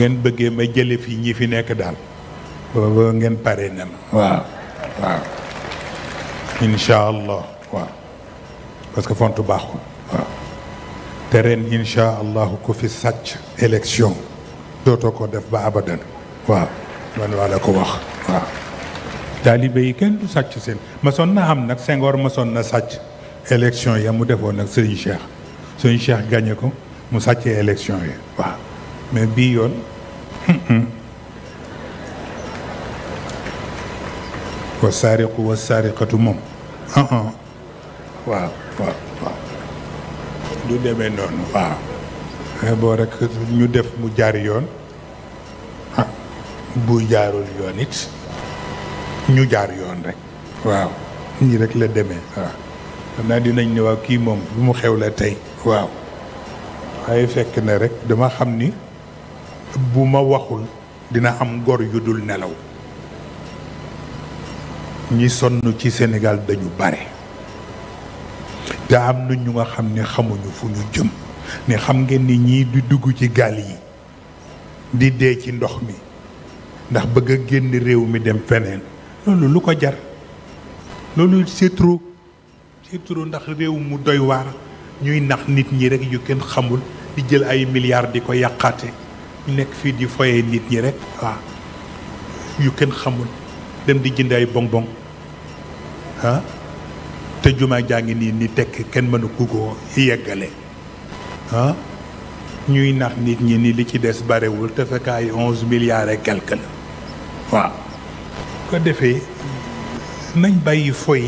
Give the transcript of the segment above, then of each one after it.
ngeen bëggee ma jële fii ñii fi nekk daal ngeen pare na waaw waaw incha allah waaw parce que font baaxul waaw te ren incha allahu ku fi sàcc élection dootoo ko def ba abadan waaw man waa la ko wax waaw taalibe yi kenn du sàcc seen masoon na am nag Senghor masoon na sàcc élection ya mu defoon nag Serigne Cheikh Serigne Cheikh gagné ko mu sàccee élection yi waaw mais bii yoon wa saariqu wa saariqatu moom uh-huh. waaw waaw waaw du demee noonu waaw mais eh, boo ñu def mu jaar yoon ah bu jaarul yoon ñu jaar yoon rek waaw ñi rek la demee waaw ah. xam dinañ ne waaw kii moom lu mu xew la tey waaw waaye fekk na rekk dama xam ni bu ma waxul dina am gor yu dul nelaw ñi sonn ci senegal dañu bare te am na ñu nga xam ne xamuñu fu ñu jëm ne xam ngeen ni ñii di dugg ci gaal yi di dee ci ndox mi ndax bëgg a génn réew mi dem feneen loolu lu ko jar loolu c'est trop ndax réew mu doy waar ñuy nax nit ñi rekk yu kenn xamul di jël ay milliards di ko yàqate nekk fii di foye nit ñi rek ah yu kenn xamul dem di jënd ay bonbon ah te jumaa jaa ngi nii ni tekk kenn mënu ku ko yeggale ah, ñuy nax nit ñi ni li ci des barewul te fekk ay onze milliards et quelque ko defee nañ bàyyi foy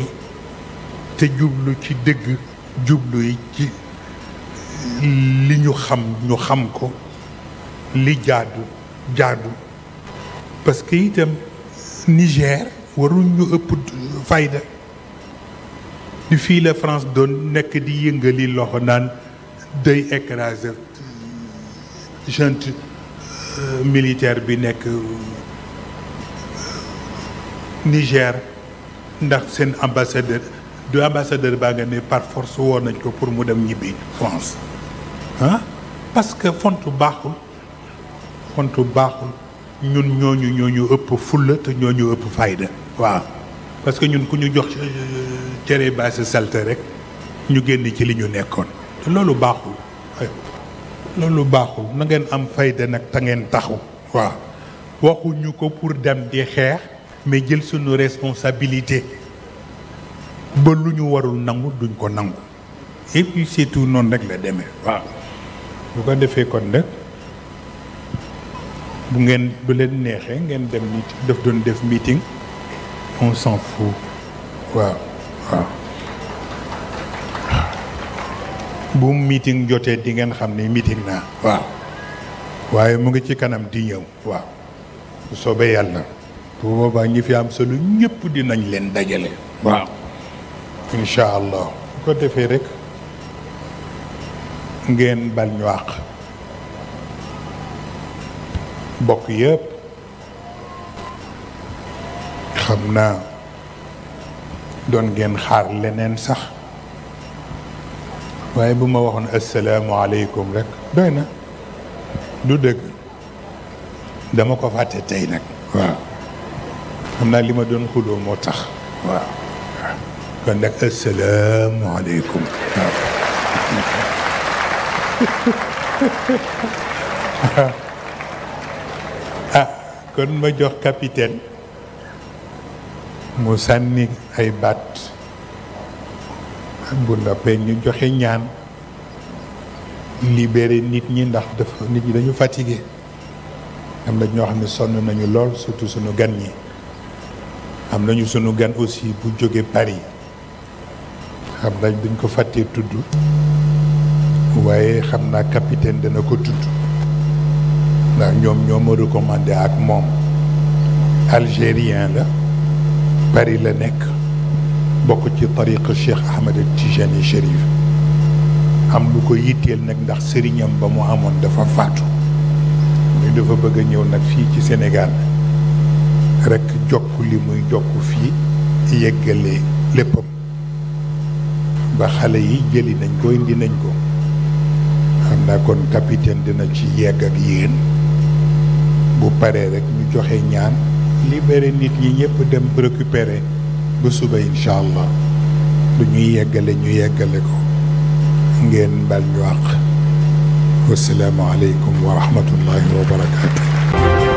te jublu ci dëgg jublu yi ci li ñu xam ñu xam ko li jaadu jaadu parce que itam Niger warul ñu ëpp fayda di fii la France doon nekk di yëngali loxo naan day écraser junte euh, militaire bi nekk euh, Niger ndax seen ambassadeur du ambassadeur baa nga ne par force woon nañ ko pour mu dem ñibbi France parce que font baaxul xontu baaxul ñun ñooñu ñooñu ëpp fulla te ñooñu ëpp fayda waaw parce que ñun ku ñu jox euh, cere baasi salte rek ñu génn ci li ñu nekkoon te loolu baaxul loolu baaxul na ngeen am fayda nag te ngeen taxu waaw waxuñu ko pour dem di xeex mais jël suñu responsabilité ba lu ñu warul nangu duñ ko nangu et puis surtout noonu rek la demee waaw bu ko defee kon nag bu ngeen bu leen neexee ngeen dem nit daf doon def meeting on s'en fout waaw waaw bu meeting jotee di ngeen xam ne meeting naa waaw waaye mu ngi ci kanam di ñëw waaw bu soobee yàlla bu boobaa ñi fi am solo ñëpp dinañ leen dajale waaw incha allah bu ko defee rek ngeen bal ñu àq mbokk yëpp xam naa doon gen xaar leneen sax waaye bu ma waxoon asalaamualeykum rek doy na du dëgg dama ko fàtte tey xam naa li ma doon xuloo moo tax waaw kon nag asalaamualeykum waaw kon ma jox capitaine mu sànni ay baat bu noppee ñu joxe ñaan libéré nit ñi ndax dafa nit ñi dañu fatigué am na ñoo xam ne sonn nañu lool surtout sunu gan ñi am nañu sunu gan aussi bu jóge Paris xam nañ duñ ko fàttee tudd waaye xam naa capitaine dana ko tudd ndax ñoom ñoo ma recommandé ak moom algérien la Paris la nekk bokk ci tariqa Cheikh Ahmed Tijani Chérif am lu ko yitteel nag ndax sëriñam ba mu amoon dafa faatu ñu dafa bëgg ñëw nag fii ci Sénégal rekk jokk li muy jokk fii yeggalee léppam ba xale yi jëli nañ ko indi nañ ko xam naa kon capitaine dina ci yegg ak yéen bu paree rek ñu joxe ñaan li libéré nit ñi ñëpp dem récupérer ba suba incha allah lu ñuy yeggale ñu yeggale ko ngeen bal ñu àq wasalaamaaleykum wa rahmatullahi wa barakaatu.